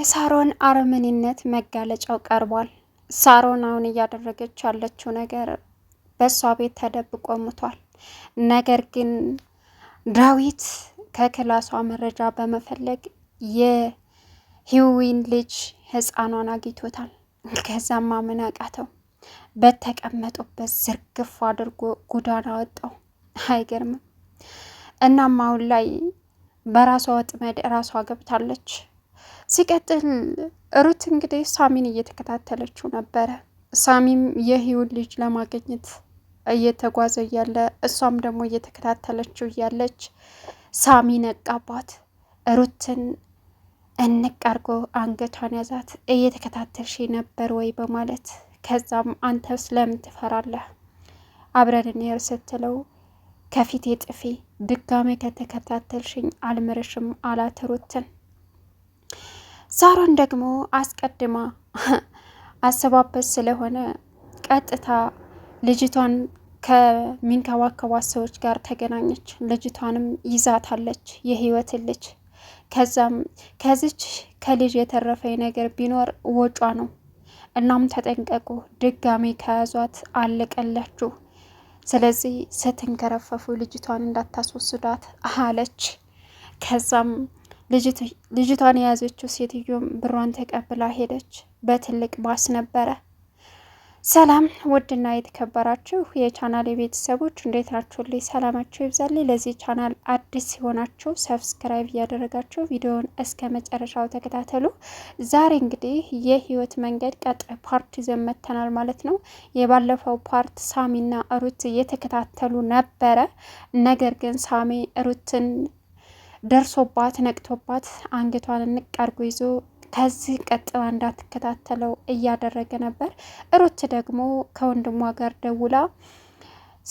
የሳሮን አረመኔነት መጋለጫው ቀርቧል። ሳሮን አሁን እያደረገች ያለችው ነገር በእሷ ቤት ተደብቆ ሙቷል። ነገር ግን ዳዊት ከክላሷ መረጃ በመፈለግ የህዊን ልጅ ህፃኗን አግኝቶታል። ከዛም ማመን አቃተው። በተቀመጡበት ዝርግፍ አድርጎ ጉዳን አወጣው አይገርምም? እናም አሁን ላይ በራሷ ወጥመድ ራሷ ገብታለች። ሲቀጥል ሩት እንግዲህ ሳሚን እየተከታተለችው ነበረ። ሳሚም የህይወት ልጅ ለማግኘት እየተጓዘ እያለ እሷም ደግሞ እየተከታተለችው እያለች ሳሚ ነቃባት። ሩትን እንቅ አድርጎ አንገቷን ያዛት። እየተከታተልሽ ነበር ወይ በማለት ከዛም አንተ ስለምን ትፈራለህ? አብረን እንሄድ ስትለው ከፊቴ ጥፊ ድጋሜ ከተከታተልሽኝ አልምርሽም አላት ሩትን ሳሮን ደግሞ አስቀድማ አሰባበት ስለሆነ ቀጥታ ልጅቷን ከሚንከባከቧት ሰዎች ጋር ተገናኘች። ልጅቷንም ይዛታለች የህይወትን ልጅ። ከዛም ከዚች ከልጅ የተረፈኝ ነገር ቢኖር ወጯ ነው። እናም ተጠንቀቁ፣ ድጋሚ ከያዟት አለቀላችሁ። ስለዚህ ስትንከረፈፉ ልጅቷን እንዳታስወስዷት አለች። ከዛም ልጅቷን የያዘችው ሴትዮም ብሯን ተቀብላ ሄደች። በትልቅ ባስ ነበረ። ሰላም ውድና የተከበራችሁ የቻናል የቤተሰቦች እንዴት ናችሁ? ልይ ሰላማችሁ ይብዛልኝ። ለዚህ ቻናል አዲስ ሲሆናችሁ ሰብስክራይብ እያደረጋችሁ ቪዲዮውን እስከ መጨረሻው ተከታተሉ። ዛሬ እንግዲህ የህይወት መንገድ ቀጣይ ፓርት ይዘን መጥተናል ማለት ነው። የባለፈው ፓርት ሳሚና ሩት እየተከታተሉ ነበረ። ነገር ግን ሳሚ ሩትን ደርሶባት ነቅቶባት አንገቷን እንቀርጎ አድርጎ ይዞ ከዚህ ቀጥላ እንዳትከታተለው እያደረገ ነበር። ሩት ደግሞ ከወንድሟ ጋር ደውላ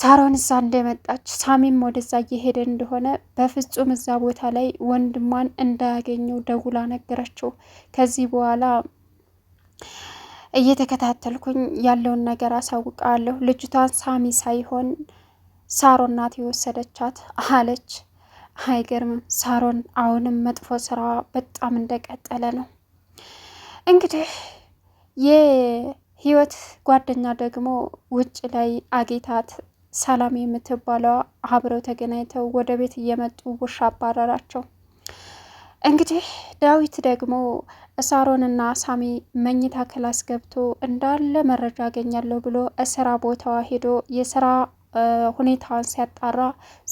ሳሮን እዛ እንደመጣች ሳሚም ወደዛ እየሄደ እንደሆነ በፍጹም እዛ ቦታ ላይ ወንድሟን እንዳያገኘው ደውላ ነገረችው። ከዚህ በኋላ እየተከታተልኩኝ ያለውን ነገር አሳውቃለሁ። ልጅቷን ሳሚ ሳይሆን ሳሮ እናት የወሰደቻት አለች። አይገርምም። ሳሮን አሁንም መጥፎ ስራዋ በጣም እንደቀጠለ ነው። እንግዲህ የህይወት ጓደኛ ደግሞ ውጭ ላይ አጌታት ሰላም የምትባለዋ አብረው ተገናኝተው ወደ ቤት እየመጡ ውሻ አባረራቸው። እንግዲህ ዳዊት ደግሞ ሳሮንና ሳሚ መኝታ ክላስ ገብቶ እንዳለ መረጃ አገኛለሁ ብሎ እስራ ቦታዋ ሄዶ የስራ ሁኔታዋን ሲያጣራ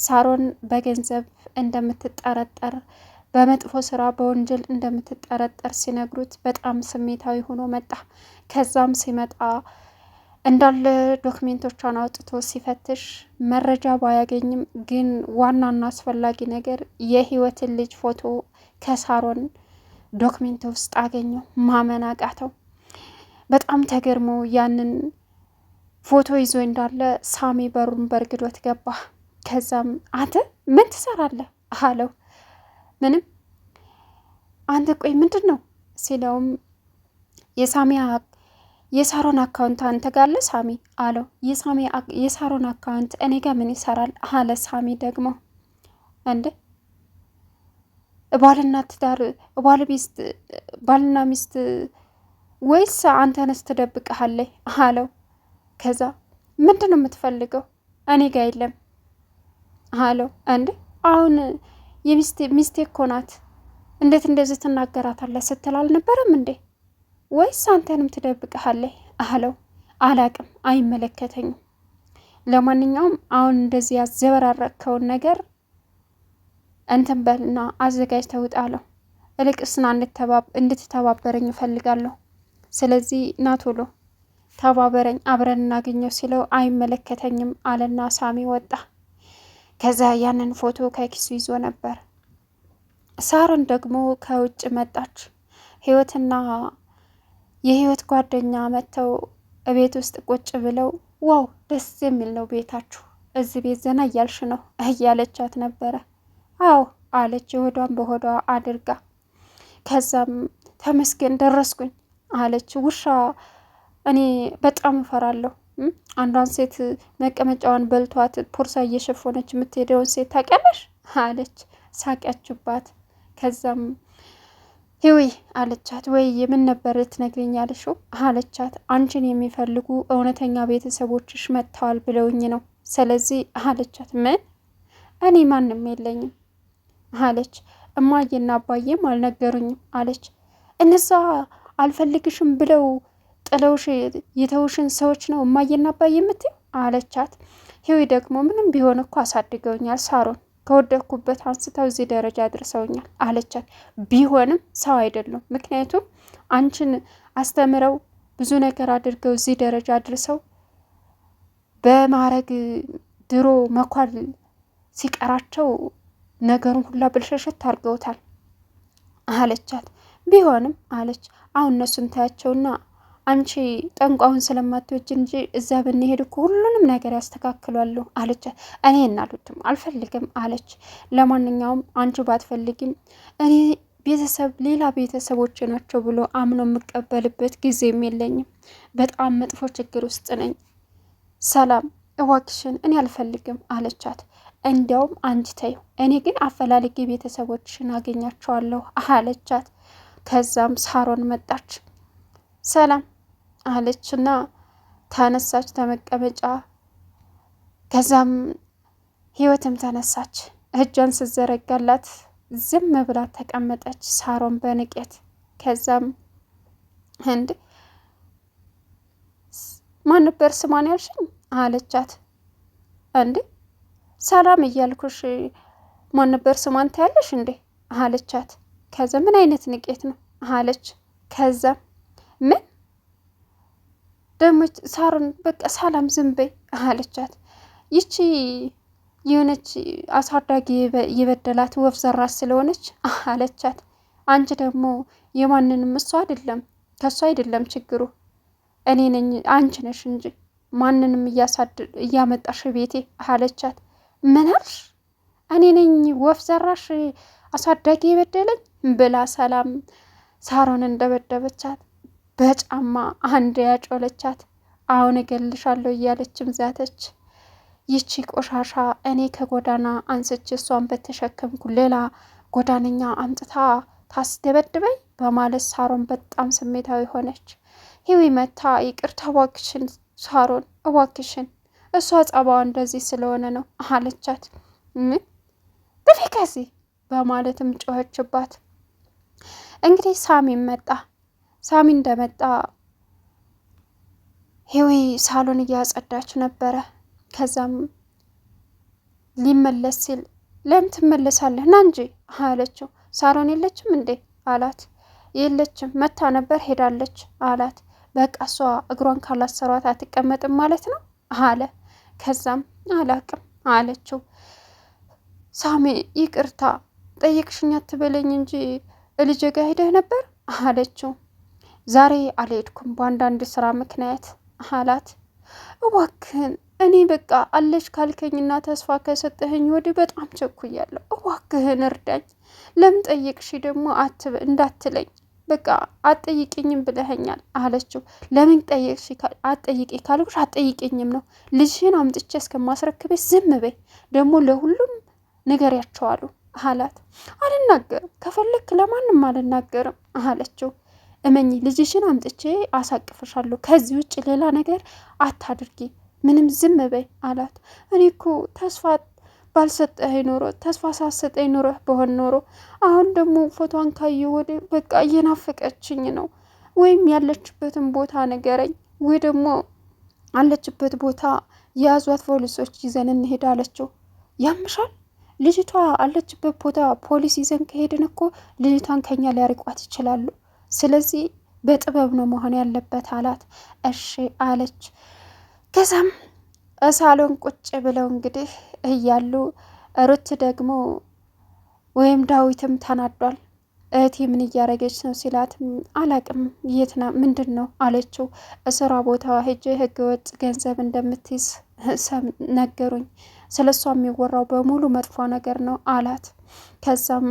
ሳሮን በገንዘብ እንደምትጠረጠር በመጥፎ ስራ በወንጀል እንደምትጠረጠር ሲነግሩት በጣም ስሜታዊ ሆኖ መጣ። ከዛም ሲመጣ እንዳለ ዶክሜንቶቿን አውጥቶ ሲፈትሽ መረጃ ባያገኝም ግን ዋናና አስፈላጊ ነገር የህይወትን ልጅ ፎቶ ከሳሮን ዶክሜንት ውስጥ አገኘው። ማመን አቃተው። በጣም ተገርሞ ያንን ፎቶ ይዞ እንዳለ ሳሚ በሩን በርግዶት ገባ። ከዛም አንተ ምን ትሰራለህ አለው። ምንም አንተ ቆይ ምንድን ነው ሲለውም የሳሚ የሳሮን አካውንት አንተ ጋር አለ ሳሚ አለው። የሳሚ የሳሮን አካውንት እኔ ጋር ምን ይሰራል አለ ሳሚ ደግሞ እንደ ባልና ትዳር ባል ሚስት ባልና ሚስት ወይስ አንተ ነስ ትደብቀሃለህ አለው። ከዛ ምንድን ነው የምትፈልገው? እኔ ጋ የለም አለው። እንዴ አሁን የሚስቴ እኮ ናት እንዴት እንደዚህ ትናገራታለህ ስትል አልነበረም እንዴ? ወይስ አንተንም ትደብቅሃለህ አለው። አላቅም፣ አይመለከተኝም። ለማንኛውም አሁን እንደዚህ ያዘበራረከውን ነገር እንትን በልና አዘጋጅ ተውጣ አለው። እልቅስና እንድትተባበረኝ እፈልጋለሁ። ስለዚህ ናቶሎ ተባበረኝ አብረን እናገኘው ሲለው አይመለከተኝም አለና ሳሚ ወጣ። ከዛ ያንን ፎቶ ከኪሱ ይዞ ነበር። ሳሮን ደግሞ ከውጭ መጣች። ህይወትና የህይወት ጓደኛ መጥተው ቤት ውስጥ ቁጭ ብለው ዋው ደስ የሚል ነው ቤታችሁ፣ እዚህ ቤት ዘና እያልሽ ነው እያለቻት ነበረ። አዎ አለች የሆዷን በሆዷ አድርጋ። ከዛም ተመስገን ደረስኩኝ አለች ውሻ እኔ በጣም እፈራለሁ። አንዷን ሴት መቀመጫዋን በልቷት ፖርሳ እየሸፈነች የምትሄደውን ሴት ታውቂያለሽ? አለች ሳቂያችባት። ከዛም ህዊ አለቻት። ወይ ምን ነበር ልትነግሪኝ ያልሽው? አለቻት። አንቺን የሚፈልጉ እውነተኛ ቤተሰቦችሽ መጥተዋል ብለውኝ ነው። ስለዚህ አለቻት። ምን? እኔ ማንም የለኝም አለች። እማዬና አባዬም አልነገሩኝም አለች። እነዛ አልፈልግሽም ብለው ጥለውሽ የተውሽን ሰዎች ነው እማዬና አባዬ አለቻት። ህዊ ደግሞ ምንም ቢሆን እኮ አሳድገውኛል ሳሮን ከወደኩበት አንስተው እዚህ ደረጃ አድርሰውኛል አለቻት። ቢሆንም ሰው አይደሉም። ምክንያቱም አንቺን አስተምረው ብዙ ነገር አድርገው እዚህ ደረጃ አድርሰው በማረግ ድሮ መኳል ሲቀራቸው ነገሩን ሁላ ብልሸሸት አድርገውታል አለቻት። ቢሆንም አለች አሁን እነሱን ታያቸውና አንቺ ጠንቋውን ስለማትወጅ እንጂ እዛ ብንሄድ እኮ ሁሉንም ነገር ያስተካክሏሉ አለች። እኔ እናሉትም አልፈልግም አለች። ለማንኛውም አንቺ ባትፈልግም እኔ ቤተሰብ ሌላ ቤተሰቦች ናቸው ብሎ አምኖ የምቀበልበት ጊዜም የለኝም። በጣም መጥፎ ችግር ውስጥ ነኝ። ሰላም እዋክሽን እኔ አልፈልግም አለቻት። እንዲያውም አንቺ ተይው፣ እኔ ግን አፈላልጌ ቤተሰቦችሽን አገኛቸዋለሁ አለቻት። ከዛም ሳሮን መጣች። ሰላም አለችና ተነሳች ተመቀመጫ። ከዛም ህይወትም ተነሳች እጇን ስዘረጋላት ዝም ብላ ተቀመጠች ሳሮን በንቄት። ከዛም እንድ ማን ነበር ስሟን ያልሽኝ? አለቻት። እንዴ ሰላም እያልኩሽ ማን ነበር ስሟን ታያለሽ እንዴ? አለቻት። ከዛ ምን አይነት ንቄት ነው አለች። ከዛ ምን ደሞች ሳሩን በቃ ሰላም ዝም በይ አለቻት። ይቺ የሆነች አሳዳጊ የበደላት ወፍ ዘራስ ስለሆነች አለቻት። አንቺ ደግሞ የማንንም እሷ አይደለም ከእሷ አይደለም ችግሩ እኔ ነኝ አንቺ ነሽ እንጂ ማንንም እያመጣሽ ቤቴ አለቻት። ምን አልሽ? እኔ ነኝ ወፍ ዘራሽ አሳዳጊ የበደለኝ ብላ ሰላም ሳሮን እንደበደበቻት በጫማ አንድ ያጮለቻት። አሁን እገልሻለሁ እያለችም ዛተች። ይቺ ቆሻሻ እኔ ከጎዳና አንስቼ እሷን በተሸከምኩ ሌላ ጎዳነኛ አምጥታ ታስደበድበኝ በማለት ሳሮን በጣም ስሜታዊ ሆነች። ሂዊ መታ ይቅርታ እባክሽን ሳሮን እባክሽን እሷ ጸባዋ እንደዚህ ስለሆነ ነው አለቻት። ምን ጥፊ ከዚህ በማለትም ጮኸችባት። እንግዲህ ሳሚም መጣ። ሳሚ እንደመጣ ሄዊ ሳሎን እያጸዳች ነበረ። ከዛም ሊመለስ ሲል ለምን ትመለሳለህ ና እንጂ አለችው። ሳሎን የለችም እንዴ አላት። የለችም መታ ነበር ሄዳለች አላት። በቃ እሷ እግሯን ካላሰሯት አትቀመጥም ማለት ነው አለ። ከዛም አላቅም አለችው። ሳሚ ይቅርታ ጠየቅሽኝ አትበለኝ እንጂ ልጄ ጋ ሄደህ ነበር አለችው። ዛሬ አልሄድኩም በአንዳንድ ስራ ምክንያት አላት። እባክህን እኔ በቃ አለሽ ካልከኝና ተስፋ ከሰጠኸኝ ወዲህ በጣም ቸኩያለሁ። እባክህን እርዳኝ። ለምን ጠየቅሽ ደግሞ እንዳትለኝ በቃ አጠይቅኝም ብለኸኛል አለችው። ለምን ጠየቅሽ? አትጠይቂ ካልኩሽ አትጠይቅኝም ነው። ልጅሽን አምጥቼ እስከማስረክቤ ዝም በይ። ደግሞ ለሁሉም ንገሪያቸዋለሁ አላት። አልናገርም፣ ከፈለክ ለማንም አልናገርም አለችው። እመኝ ልጅሽን አምጥቼ አሳቅፍሻለሁ። ከዚህ ውጭ ሌላ ነገር አታድርጊ፣ ምንም ዝም በይ አላት። እኔ እኮ ተስፋ ባልሰጠኸኝ ኖሮ ተስፋ ሳሰጠኝ ኖሮ በሆን ኖሮ አሁን ደግሞ ፎቷን ካየ ወደ በቃ እየናፈቀችኝ ነው። ወይም ያለችበትን ቦታ ንገረኝ፣ ወይ ደግሞ አለችበት ቦታ የያዟት ፖሊሶች ይዘን እንሄድ አለችው። ያምሻል ልጅቷ አለችበት ቦታ ፖሊስ ይዘን ከሄድን እኮ ልጅቷን ከኛ ሊያርቋት ይችላሉ። ስለዚህ በጥበብ ነው መሆን ያለበት አላት። እሺ አለች። ከዛም እሳሎን ቁጭ ብለው እንግዲህ እያሉ ሩት ደግሞ ወይም ዳዊትም ተናዷል። እህቴ ምን እያደረገች ነው ሲላት፣ አላቅም የትና ምንድን ነው አለችው። ቦታ ቦታዋ ሄጄ ህገወጥ ገንዘብ እንደምትይዝ ነገሩኝ። ስለ እሷ የሚወራው በሙሉ መጥፎ ነገር ነው አላት። ከዛም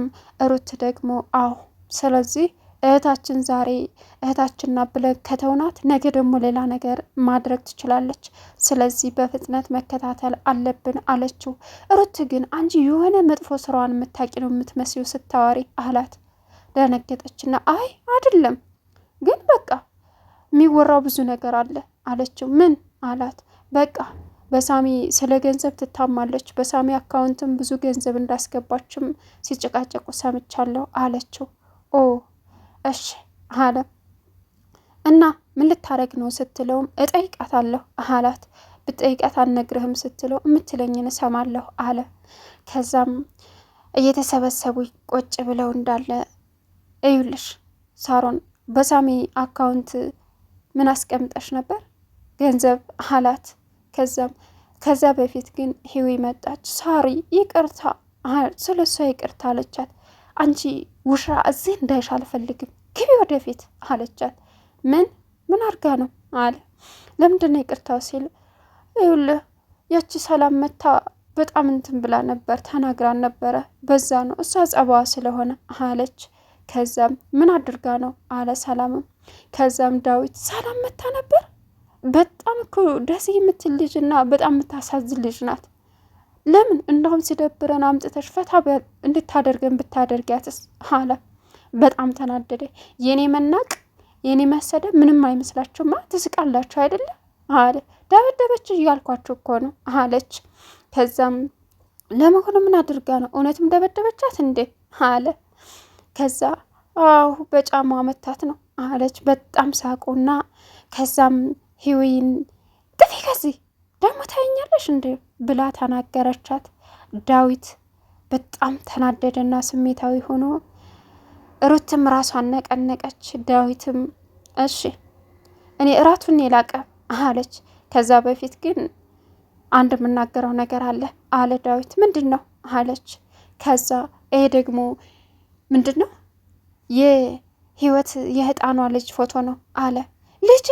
ሩት ደግሞ አዎ ስለዚህ እህታችን ዛሬ እህታችን ናት ብለን ከተውናት ነገ ደግሞ ሌላ ነገር ማድረግ ትችላለች። ስለዚህ በፍጥነት መከታተል አለብን አለችው። ሩት ግን አንቺ የሆነ መጥፎ ስራዋን የምታቂ ነው የምትመስዩ ስታዋሪ አላት። ደነገጠችና አይ አይደለም፣ ግን በቃ የሚወራው ብዙ ነገር አለ አለችው። ምን አላት? በቃ በሳሚ ስለ ገንዘብ ትታማለች፣ በሳሚ አካውንትም ብዙ ገንዘብ እንዳስገባችም ሲጨቃጨቁ ሰምቻለሁ አለችው። ኦ እሺ አለ እና ምን ልታረግ ነው ስትለውም እጠይቃታለሁ አላት። ብጠይቃት አልነግርህም ስትለው የምትለኝን እሰማለሁ አለ። ከዛም እየተሰበሰቡ ቆጭ ብለው እንዳለ እዩልሽ ሳሮን በሳሚ አካውንት ምን አስቀምጠሽ ነበር ገንዘብ አላት። ከዛም ከዛ በፊት ግን ሂዊ መጣች። ሳሪ ይቅርታ ስለ እሷ ይቅርታ አለቻት። አንቺ ውሻ እዚህ እንዳይሽ አልፈልግም፣ ግቢ ወደፊት አለቻት። ምን ምን አርጋ ነው አለ። ለምንድነው ይቅርታው ሲል ይኸውልህ ያቺ ሰላም መታ በጣም እንትን ብላ ነበር ተናግራን ነበረ፣ በዛ ነው እሷ ጸባዋ ስለሆነ አለች። ከዛም ምን አድርጋ ነው አለ ሰላምም። ከዛም ዳዊት ሰላም መታ ነበር፣ በጣም እኮ ደስ የምትል ልጅ እና በጣም የምታሳዝን ልጅ ናት ለምን እንደውም ሲደብረን አምጥተሽ ፈታ እንድታደርገን ብታደርጊያትስ አለ። በጣም ተናደደ። የኔ መናቅ የኔ መሰደ ምንም አይመስላችሁማ ትስቃላችሁ አይደለ አለ። ደበደበች እያልኳችሁ እኮ ነው አለች። ከዛም ለመሆኑ ምን አድርጋ ነው እውነትም ደበደበቻት እንዴ አለ። ከዛ አሁ በጫማ መታት ነው አለች። በጣም ሳቁና ከዛም ህዊን ጥፊ ከዚህ ደግሞ ታየኛለሽ እንዴ ብላ ተናገረቻት። ዳዊት በጣም ተናደደና ስሜታዊ ሆኖ ሩትም ራሷን ነቀነቀች። ዳዊትም እሺ እኔ እራቱን የላቀ አለች። ከዛ በፊት ግን አንድ የምናገረው ነገር አለ አለ ዳዊት። ምንድን ነው አለች። ከዛ ይሄ ደግሞ ምንድን ነው የህይወት የህጣኗ ልጅ ፎቶ ነው አለ። ልጅ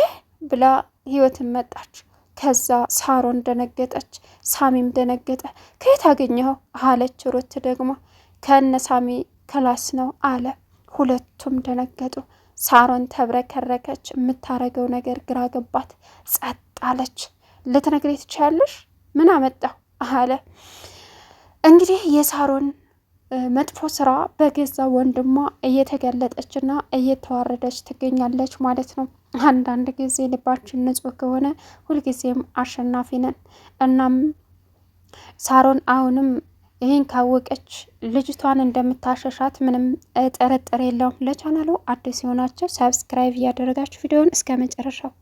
ብላ ህይወትን መጣች። ከዛ ሳሮን ደነገጠች፣ ሳሚም ደነገጠ። ከየት አገኘኸው አለች ሩት ደግሞ። ከነ ሳሚ ክላስ ነው አለ። ሁለቱም ደነገጡ። ሳሮን ተብረከረከች። የምታረገው ነገር ግራ ገባት። ጸጥ አለች። ልትነግሬ ትችያለሽ? ምን አመጣው አለ እንግዲህ የሳሮን መጥፎ ስራ በገዛ ወንድሟ እየተገለጠችና እየተዋረደች ትገኛለች ማለት ነው። አንዳንድ ጊዜ ልባችን ንጹሕ ከሆነ ሁልጊዜም አሸናፊ ነን። እናም ሳሮን አሁንም ይህን ካወቀች ልጅቷን እንደምታሸሻት ምንም ጥርጥር የለውም። ለቻናሉ አዲስ የሆናቸው ሰብስክራይብ እያደረጋችሁ ቪዲዮን እስከ መጨረሻው